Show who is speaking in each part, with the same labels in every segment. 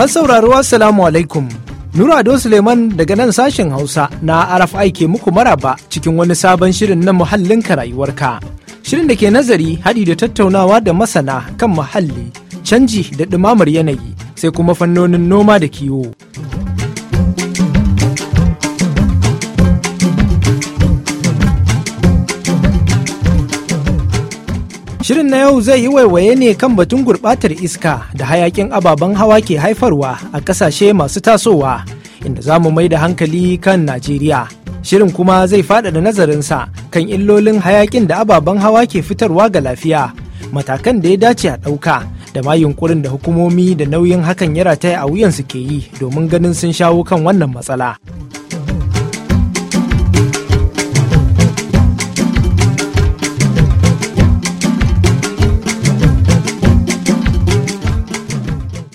Speaker 1: Masu sauraro Assalamu alaikum. Nura Ado Suleiman daga nan sashen Hausa na RFI ke muku maraba cikin wani sabon shirin na muhallin rayuwarka. Shirin da ke nazari haɗi da tattaunawa da masana kan muhalli, canji da ɗumamar yanayi, sai kuma fannonin noma da kiwo. Shirin na yau zai yi waiwaye ne kan batun gurɓatar iska da hayakin ababen hawa ke haifarwa a ƙasashe masu tasowa, inda za mu mai da hankali kan Najeriya. Shirin kuma zai faɗaɗa nazarinsa kan illolin hayakin da ababen hawa ke fitarwa ga lafiya, matakan da ya dace a ɗauka, da ma yunkurin da hukumomi da nauyin hakan ya rataya a wuyan su ke yi domin ganin sun shawo kan wannan matsala.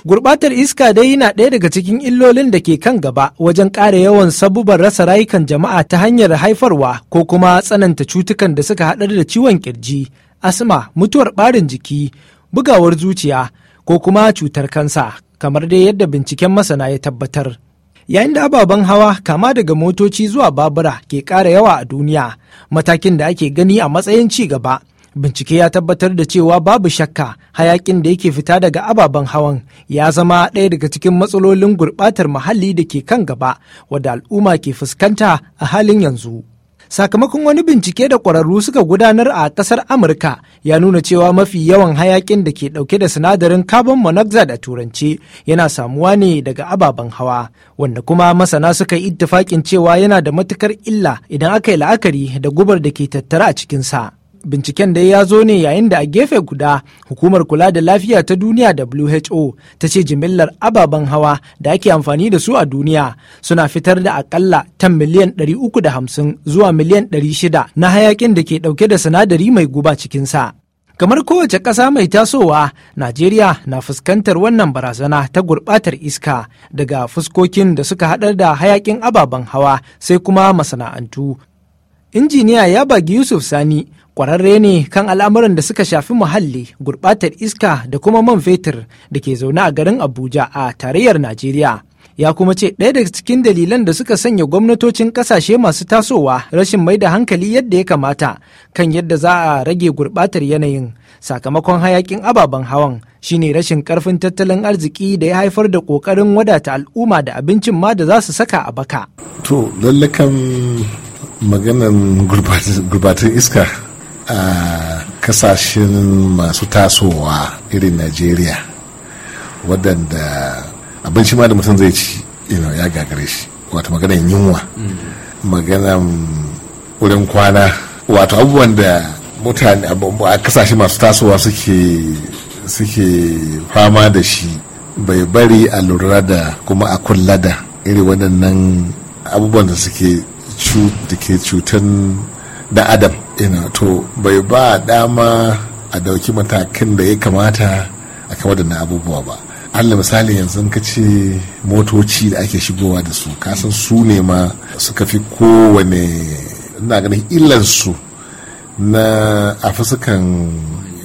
Speaker 1: Gurbatar iska dai na ɗaya daga cikin illolin da ke kan gaba wajen ƙara yawan sabuban rasa rayukan jama'a ta hanyar haifarwa ko kuma tsananta cutukan da suka haɗar da ciwon kirji, asma, mutuwar ɓarin jiki, bugawar zuciya ko kuma cutar kansa kamar dai yadda binciken masana ya tabbatar. Yayin da ababen hawa kama daga motoci zuwa babura ke ƙara yawa a duniya, matakin da ake gani a matsayin ci gaba. bincike ya tabbatar da cewa babu shakka hayakin da yake fita daga ababen hawan ya zama ɗaya daga cikin matsalolin gurɓatar muhalli da ke kan gaba wadda al'umma ke fuskanta a halin yanzu sakamakon wani bincike da ƙwararru suka gudanar a ƙasar amurka ya nuna cewa mafi yawan hayakin da ke ɗauke da sinadarin carbon monoxide da turance yana samuwa ne daga ababen hawa wanda kuma masana suka yi ittifaƙin cewa yana da matukar illa idan aka yi la'akari da gubar da ke tattara a cikinsa Binciken dai ya zo ne yayin da a gefe guda hukumar kula da lafiya ta duniya WHO ta ce jimillar ababen hawa da ake amfani da su a duniya suna fitar da akalla tan miliyan 350 zuwa miliyan 600 na hayakin da ke dauke da sinadari mai guba cikinsa. kamar kowace ƙasa mai tasowa najeriya na fuskantar wannan barazana ta gurɓatar iska daga fuskokin da suka haɗar da hayaƙin ababen hawa sai kuma masana'antu injiniya ya bagi yusuf sani kwararre ne kan al'amuran da suka shafi muhalli gurbatar iska da kuma man fetur da ke zaune a garin abuja a tarayyar najeriya ya kuma ce ɗaya daga cikin dalilan da suka sanya gwamnatocin ƙasashe masu tasowa rashin mai da hankali yadda ya kamata kan yadda za a rage gurbatar yanayin sakamakon hayakin ababen hawan shine rashin karfin tattalin arziki da ya haifar da ƙoƙarin wadata al'umma da abincin ma da za su saka a baka
Speaker 2: to lallakan maganan gurbatar iska a kasashen masu tasowa irin najeriya waɗanda abinci ma da mutum zai ci ya gagare shi wato maganan yunwa mm. maganan wurin kwana wato abubuwan da mutane a kasashe masu tasowa suke fama da shi bai bari a lura da kuma a kulla da irin waɗannan abubuwan da suke cutan da adam ina to bai ba dama a dauki matakin da ya kamata a kama da abubuwa ba allah misali yanzu ka ce motoci da ake shigowa da su kasan su ne ma suka fi kowane ina ganin illansu na a fuskan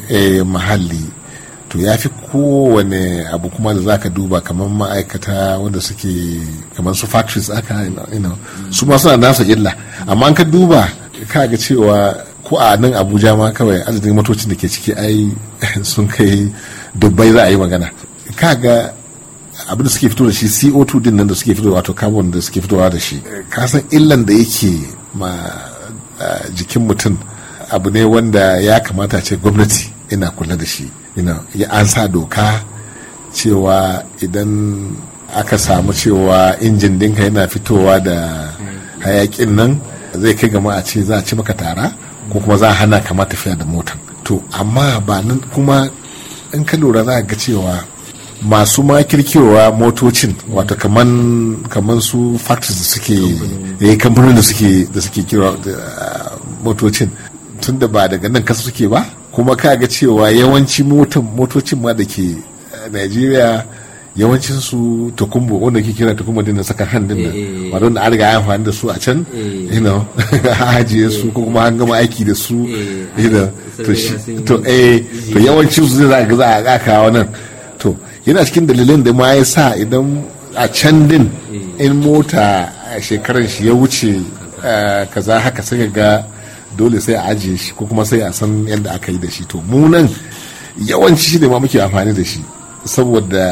Speaker 2: eh, muhalli to ya fi kowane abu kuma da za ka duba kamar ma'aikata wanda suke kamar su factories aka ina su ma suna nasa illa amma an ka duba kaga cewa ko a nan abuja ma kawai adadin motocin da ke ciki ai sun kai dubbai za a yi magana kaga abin da suke fito da shi co2 din nan da suke fito wato carbon da suke fitowa da shi kasan illan da yake ma jikin mutum abu ne wanda ya kamata ce gwamnati ina kula da shi ya an sa doka cewa idan aka samu cewa injin dinka yana fitowa da hayakin nan zai kai gama a ce za a ci maka tara ko kuma za a hana kama tafiya da mota to amma ba nan kuma in ka lura za a ga cewa masu ma kirkirowa motocin wato kaman su factors da suke yi eh, kamfanin da suke da suke kira ah, motocin tun da ba daga nan kasa suke ba kuma ka ga cewa yawanci motocin ma da ke eh, Najeriya yawancin su takumbo wanda ke kira takumbo din na saka handin nan wato wadanda an riga ya amfani da su a can eh. you know su eh. ko kuma an gama aiki da su eh. you to to to yawancin su zai za a kaka nan to yana cikin dalilin da ma ya sa idan a can din in mota a shekaran shi ya wuce kaza haka sai ga dole sai a ajiye shi ko kuma sai a san yadda aka yi da shi to mu nan yawanci shi ne ma muke amfani da shi saboda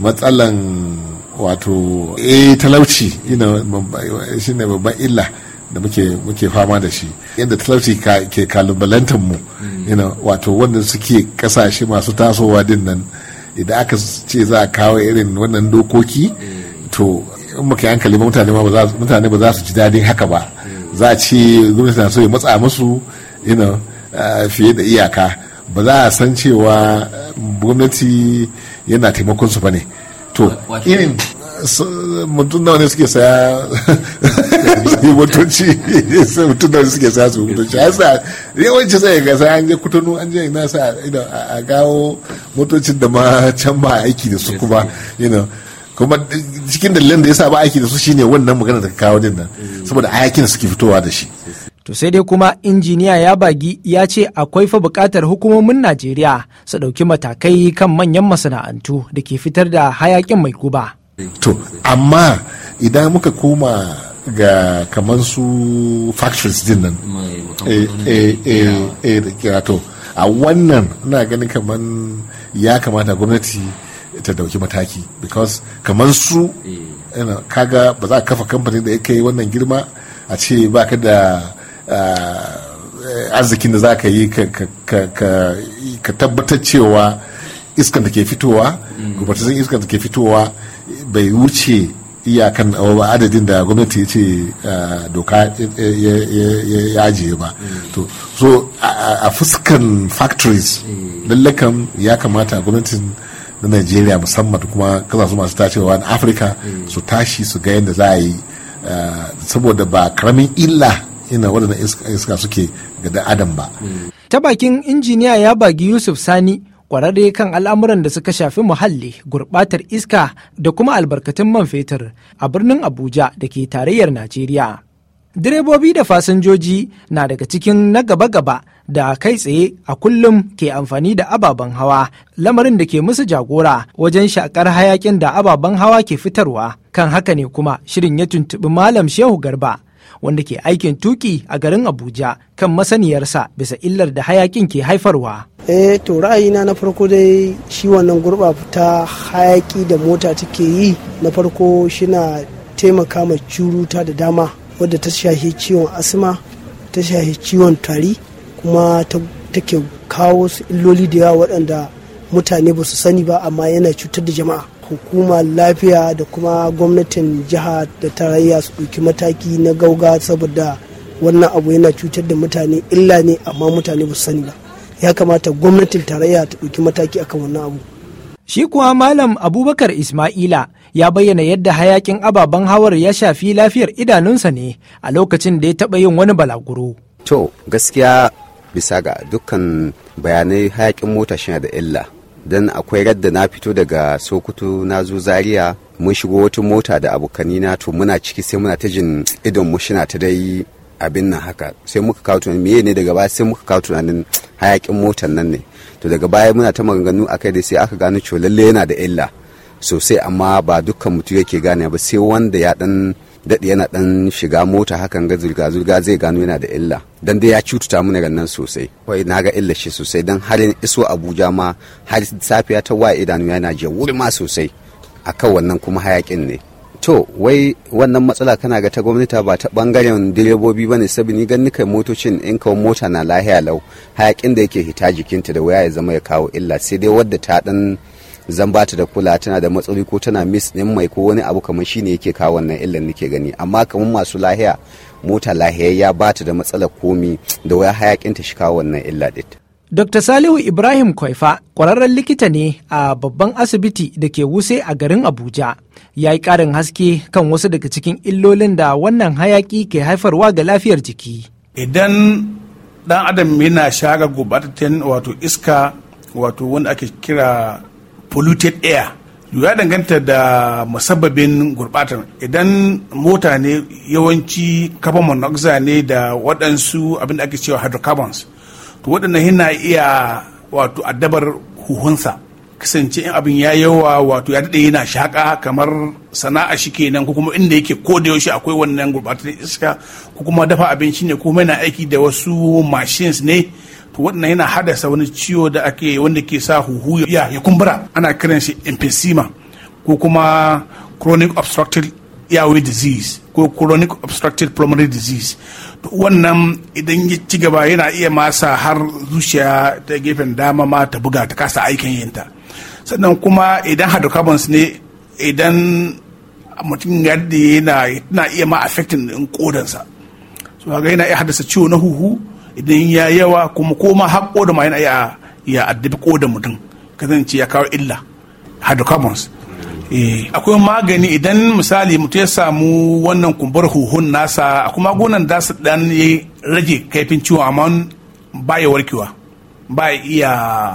Speaker 2: matsalan wato eh talauci shi ne babban illa da muke fama da shi yadda talauci ke kalubalantar mu mm. wato wanda suke kasashe masu tasowa din nan idan aka ce za a kawo irin wannan dokoki mm. to in muka hankali mutane ba za su ji dadin haka ba mm. za a ce gwamnati na so ya matsa musu eh, fiye da iyaka ba za a san cewa eh, gwamnati yana taimakon su bane to irin mutum nawa ne suke saya sai yi motoci mutum nawa ne suke saya su motoci a sa yawanci sai ga sai an je kutunu an je ina sa a gawo motocin da ma can ba aiki da su kuma kuma cikin dalilin da ya sa ba aiki da su shine wannan magana da kawo din nan mm. saboda ayakin suke fitowa da shi
Speaker 1: To sai dai kuma injiniya ya bagi ya ce akwai fa bukatar hukumomin Najeriya su ɗauki matakai kan manyan masana'antu da ke fitar da hayakin mai guba.
Speaker 3: To,
Speaker 2: amma idan muka koma ga kamar su factories din nan. Eh, eh, eh, a wannan na ganin kamar ya kamata gwamnati ta dauki mataki because kamar su kaga ba za a kafa kamfanin da ya kai wannan girma a ce ba ka da Eh, arzikin da za ka yi ka tabbatar cewa iskan da ke fitowa mm. gubatattun iskan da ke fitowa bai wuce iyakan adadin da gwamnati ya ce eh, doka ya ajiye ba mm. to so a fuskan factories mm. lallakan ya kamata gwamnatin na nigeria musamman kuma kasashe masu tacewa na afirka su tashi su ga yadda za a yi eh, saboda ba karamin illa ina iska suke ga da adam ba.
Speaker 1: Ta bakin injiniya ya bagi Yusuf Sani kwararre kan al'amuran da suka shafi muhalli gurbatar iska da kuma albarkatun man fetur a birnin abuja da ke tarayyar najeriya direbobi da fasinjoji na daga cikin na gaba-gaba da kai tsaye a kullum ke amfani da ababen hawa lamarin da ke musu jagora wajen shakar hayakin da ababen hawa ke fitarwa kan haka ne kuma shirin ya tuntuɓi malam shehu garba wanda ke aikin tuki a garin Abuja kan masaniyarsa bisa illar da hayakin ke haifarwa. Eh to ra'ayina na farko dai shi wannan gurba ta hayaki da mota take yi na farko shina taimaka ma curuta da dama wadda ta shahi ciwon asma ta shahi ciwon tari kuma take kawo su illoli da yawa waɗanda mutane ba su sani ba amma yana cutar da jama'a. hukumar lafiya da kuma gwamnatin jiha da tarayya su ɗauki mataki na gauga saboda wannan abu yana cutar da mutane illa ne amma mutane ba sani ba ya kamata gwamnatin tarayya ta ɗauki mataki akan wannan abu shi kuwa malam abubakar ismaila ya bayyana yadda hayakin ababen hawar ya shafi lafiyar idanunsa ne a lokacin da ya taɓa yin wani balaguro
Speaker 3: to gaskiya bisa ga dukkan bayanai hayakin mota shi da illa don akwai radda na fito daga sokoto na zo zaria mun shigo wata mota da abokanina to muna ciki sai muna ta jin idon mu shina ta dai abin nan haka sai muka kawo tunanin meye ne daga baya sai muka kawo tunanin hayakin motan nan ne to daga baya muna ta maganganu akai da sai aka gano cewa lalle yana da illa sosai amma ba dukkan mutum yake gane ba sai wanda ya dan daɗe yana ɗan shiga mota hakan ga zirga-zirga zai gano yana da illa dan dai ya cututa mu daga nan sosai wai na ga illa shi sosai dan har iso abuja ma har safiya ta waye idanu yana je wuri ma sosai akan wannan kuma hayakin ne to wai wannan matsala kana ga ta gwamnati ba ta bangaren direbobi bane sabi ni gan nika motocin in kawo mota na lahiya lau hayakin da yake hita jikinta da waya ya zama ya kawo illa sai dai wadda ta dan zan bata da kula tana da matsaloli ko tana miss din mai ko wani abu kamar shine yake kawo wannan illan nake gani amma kamar masu lahiya mota lahiyayya ta da matsalar komi da waya hayakin ta shi wannan illa din
Speaker 1: Dr. Salihu Ibrahim Kwaifa, ƙwararren likita ne a babban asibiti da ke wuse a garin Abuja, ya yi ƙarin haske kan wasu daga cikin illolin da wannan hayaƙi ke haifarwa ga lafiyar jiki.
Speaker 4: Idan ɗan adam yana shaga gubatattun wato iska wato wanda ake kira polluted air ya danganta da musabbabin gurbatar idan mota ne yawanci carbon monoxide ne da waɗansu abin da ake cewa hydrocarbons to waɗannan yana iya wato addabar huhunsa kasance in abin ya yawa wato ya daɗe yana shaƙa kamar sana'a shi kenan ko kuma inda yake ko da yaushe akwai wannan gurbatar iska ko kuma dafa abinci ne ko yana aiki da wasu machines ne wannan yana hadasa wani ciwo da ake wanda ke sa huhu ya ya kumbura ana kiran shi emphysema ko kuma chronic obstructive airway disease ko chronic obstructive pulmonary disease wannan idan ya ci gaba yana iya masa har zuciya ta gefen dama ma ta buga ta kasa aikin yinta sannan kuma idan hydrocarbons ne idan mutum yadda yana iya ma affecting din kodansa so ga yana iya haddasa ciwo na huhu idan ya yawa kuma koma haƙo da mayan aya ya addabi da mutum kasance ya kawo illa hydrocarbons eh, akwai magani idan misali mutum ya samu wannan kumbar huhun nasa akwai magunan da su dan ya rage kaifin ciwon amma ya warkewa ba ya iya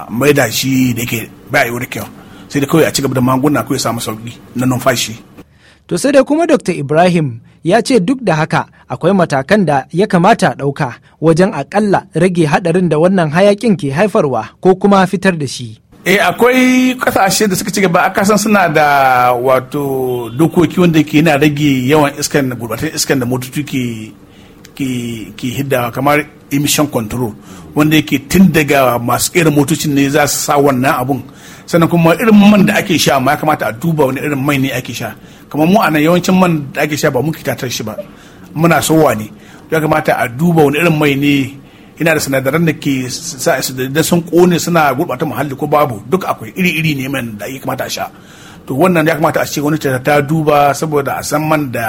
Speaker 4: maida shi da yake ya warkewa sai da kawai a cigaba da magunan kawai samu sauki na numfashi
Speaker 1: To sai dai kuma Dr. Ibrahim ya ce duk da haka akwai matakan da ya kamata ɗauka wajen akalla rage haɗarin da wannan hayakin ke haifarwa ko kuma fitar da shi.
Speaker 4: e akwai kasashe da suka ci gaba san suna da wato dokoki wanda ke na rage yawan iskan gurbatan iskan da motoci ke ke hiddawa kamar emission control wanda yake tun daga masu kera motocin ne za su sa wannan abun sannan kuma irin man da ake sha ma ya kamata a duba wani irin mai ne ake sha kamar mu a nan yawancin man da ake sha ba muke tatar shi ba muna sowa ne ya kamata a duba wani irin mai ne yana da sinadaran da ke sa da sun kone suna gurɓata muhalli ko babu duk akwai iri-iri ne man da ya kamata a sha to wannan ya kamata a ce wani ta duba saboda a san man da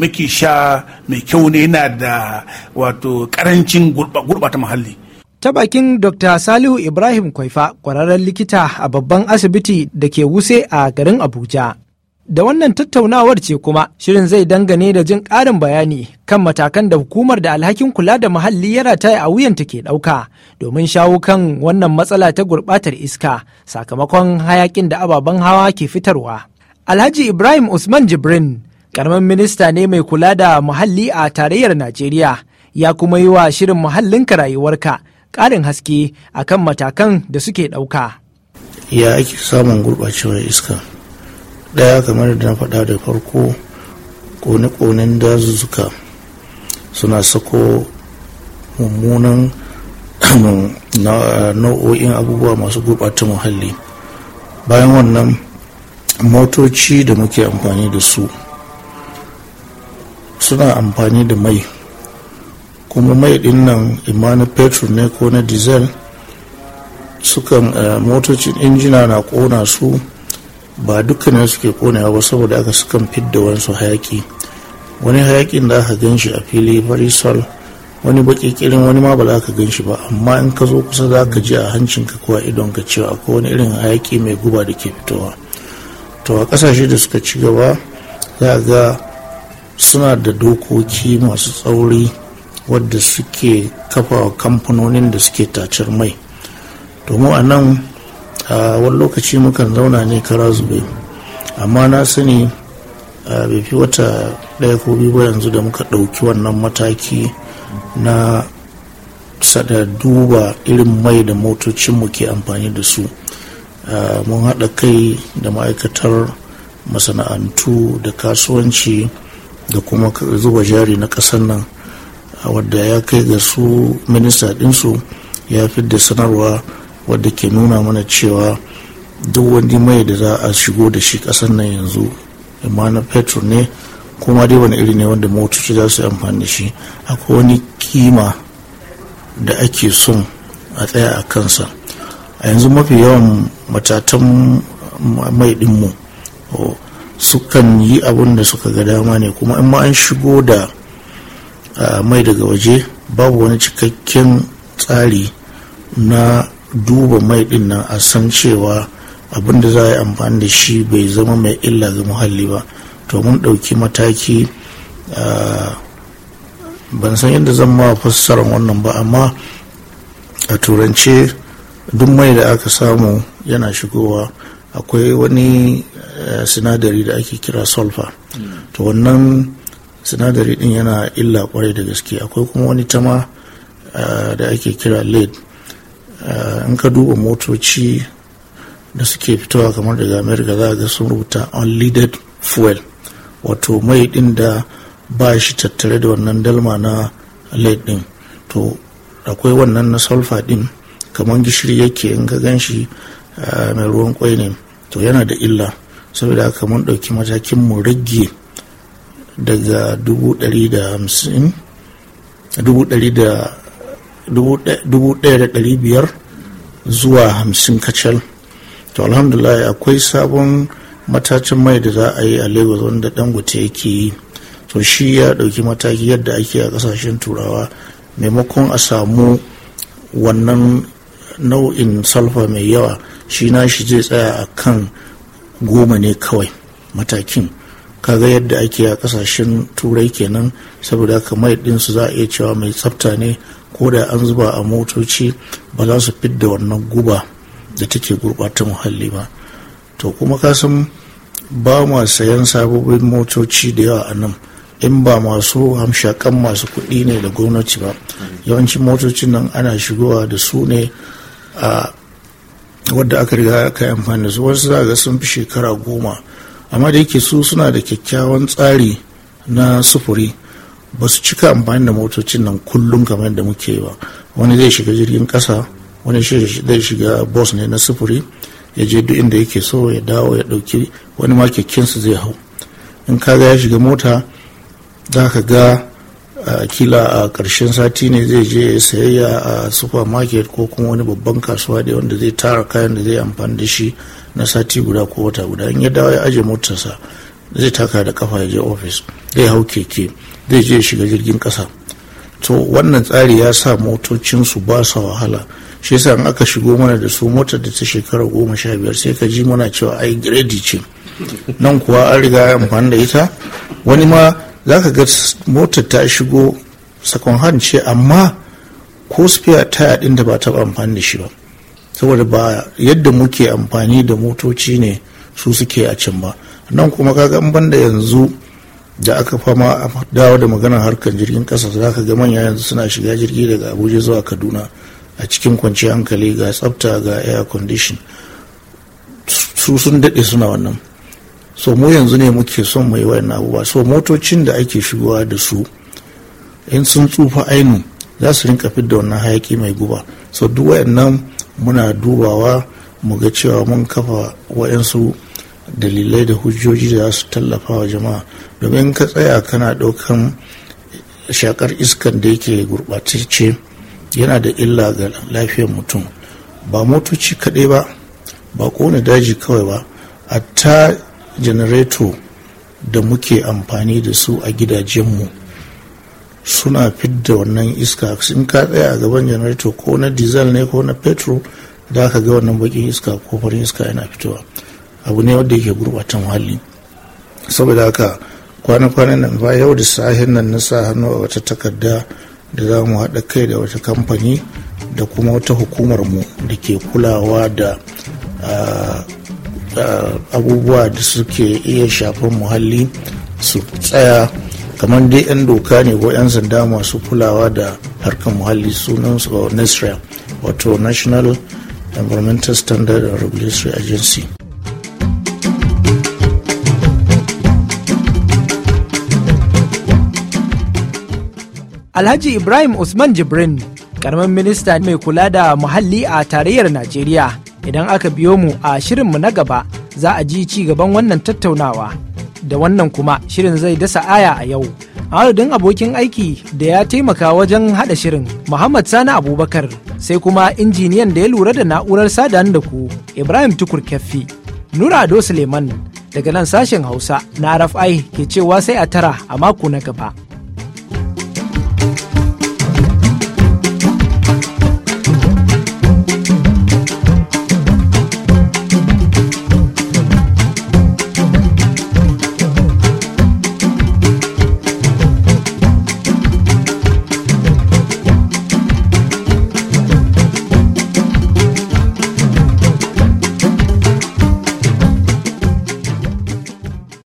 Speaker 4: muke sha mai kyau ne yana da wato
Speaker 1: karancin gurɓata muhalli ta bakin dr salihu ibrahim kwaifa kwararren likita a babban asibiti da ke wuse a garin abuja da wannan tattaunawar ce kuma shirin zai dangane da jin ƙarin bayani kan matakan da hukumar da alhakin kula da muhalli ya rataya a wuyanta ke ɗauka domin shawo kan wannan matsala ta gurɓatar iska sakamakon hayakin da ababen hawa ke fitarwa alhaji ibrahim usman jibrin ƙaramin minista ne mai kula da muhalli a tarayyar najeriya ya kuma yi wa shirin muhallinka rayuwarka ƙarin haske a kan matakan da suke ɗauka.
Speaker 5: ya ake samun gurɓacewar iska ɗaya kamar da na faɗa da farko kone-konen dazuzzuka suna sako mummunan nau'o'in abubuwa masu gurɓata muhalli bayan wannan motoci da muke amfani da su suna amfani da mai kuma mai din nan imanin petrol ne ko na diesel sukan eh, motocin injina na kona su ba dukkanin suke konewa ba saboda aka sukan fidda wansu hayaki wani hayakin da aka gan shi a fili barisol wani baki kirin wani ma ba za ka gan shi ba amma in ka zo kusa za ka ji a hancinka kuwa idon ka cewa akwai wani irin hayaki mai guba da ke fitowa to a kasashe da suka ci gaba za ga suna da dokoki masu tsauri wadda suke kafa kamfanonin da suke tacar mai domin a nan a wani lokaci mukan zauna ne kara zube amma na sani bai fi wata ɗaya ko biyu ba yanzu da muka ɗauki wannan mataki na sada duba irin mai da motocinmu ke amfani da su mun haɗa kai da ma'aikatar masana'antu da kasuwanci da kuma zuba jari na ƙasar nan wadda ya kai ga su minista ɗinsu ya fi da sanarwa wadda ke nuna mana cewa duk wani mai da za a shigo da shi kasar nan yanzu amma na petro ne kuma dai wani iri ne wanda motoci za su yi amfani da shi akwai wani kima da ake son a tsaya a kansa a yanzu mafi yawan matatan mai dinmu oh, sukan yi abin da suka ga dama ne kuma in ma an shigo da a mai daga waje babu wani cikakken tsari na duba mai din nan a san cewa abin da za a yi amfani da shi bai zama mai illa ga muhalli ba to mun ɗauki mataki ban san yadda zan ma fassarar wannan ba amma a turance duk mai da aka samu yana shigowa akwai wani eh, sinadari da ake kira sulfur hmm. to wannan sinadari din yana illa kwarai da gaske akwai kuma wani tama ah, da ake kira led ah, in ka duba motoci da suke fitowa kamar daga america za ga sun rubuta unleaded fuel wato mai din da ba shi tattare da wannan dalma na led din to akwai wannan na sulfur din kamar gishiri yake in ka gan shi ah, mai ruwan kwai ne to yana da illa saboda haka mun ɗauki matakin mu rage daga 1,500 zuwa 50 kacal to alhamdulillah akwai sabon matacin mai da za a yi a lagos wanda dangote yake yi to shi ya ɗauki mataki yadda ake a kasashen turawa maimakon a samu wannan nau'in salfa mai yawa shi na shi zai tsaya a kan goma ne kawai matakin kaga yadda ake a kasashen turai kenan saboda haka mai su za a iya cewa mai tsafta ne ko da an zuba a motoci ba za su fidda wannan guba da take gurɓata muhalli ba to kuma kasan ba ma sayan sababbin motoci da yawa a nan in ba masu hamshakan masu kuɗi ne da gwamnati ba yawancin motocin nan ana shigowa da su ne a wadda aka riga aka yi amfani da su wasu za ga sun fi shekara goma amma da yake su suna da kyakkyawan tsari na sufuri ba su cika amfani da motocin nan kullum kamar da muke ba wani zai shiga jirgin kasa wani zai shiga bus ne na sufuri ya je duk inda yake so ya dawo ya dauki wani ma su zai hau in kaga ya shiga mota za ka ga a kila a ƙarshen sati ne zai je sayayya a supermarket ko kuma wani babban kasuwa da wanda zai tara kayan da zai amfani da shi na sati guda ko wata guda in ya dawo ya aje motarsa zai taka da kafa ya je ofis zai hau keke zai je shiga jirgin ƙasa to wannan tsari ya sa motocin su ba sa wahala shi yasa in aka shigo mana da su motar da ta shekara goma sha biyar sai ka ji muna cewa ai grade ce nan kuwa an riga amfani da ita wani ma za ka ga motar ta shigo sakon hand ce amma ko spare tire ɗin da ba taɓa amfani da shi ba saboda ba yadda muke amfani da motoci ne su suke a can ba nan kuma kaga gan banda yanzu da aka fama dawo da maganar harkar jirgin kasa za ka ga manya yanzu suna shiga jirgi daga abuja zuwa kaduna a cikin kwanciyar hankali ga tsafta ga air condition su sun daɗe suna wannan so mu yanzu ne muke son mai wayan abubuwa so motocin da ake shigowa da su in sun tsufa ainu za su rinka fidda wannan hayaki mai guba so duk wayannan muna dubawa mu ga cewa mun kafa wayansu dalilai da hujjoji da za su tallafa wa jama'a domin ka tsaya kana ɗaukan shakar iskan da yake gurɓatacce yana da illa ga lafiyar mutum ba motoci kaɗai ba ba kone daji kawai ba a ta janareto da muke amfani da su a gidajenmu suna fidda wannan iska sun ka tsaya a gaban janareto ko na diesel ne ko na petrol da aka ga wannan bakin iska ko farin iska yana fitowa abu ne wanda yake gurbatan muhalli saboda haka kwana-kwanan nan ba yau da sahin nan na sa hannu a wata takarda da za mu haɗa kai da wata kamfani da kuma wata hukumar mu da ke kulawa da ah, Eh, abubuwa da suke iya shafan muhalli su tsaya kamar dai 'yan doka ne ko 'yan sanda masu kulawa da harkar muhalli sunansu nisra wato national environmental standard and regulatory agency
Speaker 1: alhaji ibrahim usman jibrin karamin minista mai kula da muhalli a tarayyar najeriya idan aka biyo mu a shirinmu na gaba za a ji ci gaban wannan tattaunawa da wannan kuma shirin zai dasa aya a yau adadin abokin aiki da ya taimaka wajen haɗa shirin muhammad sani abubakar sai kuma injiniyan da ya lura da na'urar sadan da ku ibrahim tukur kaffi nura ado suleiman daga nan sashen hausa na rfi ke cewa sai a tara a mako na gaba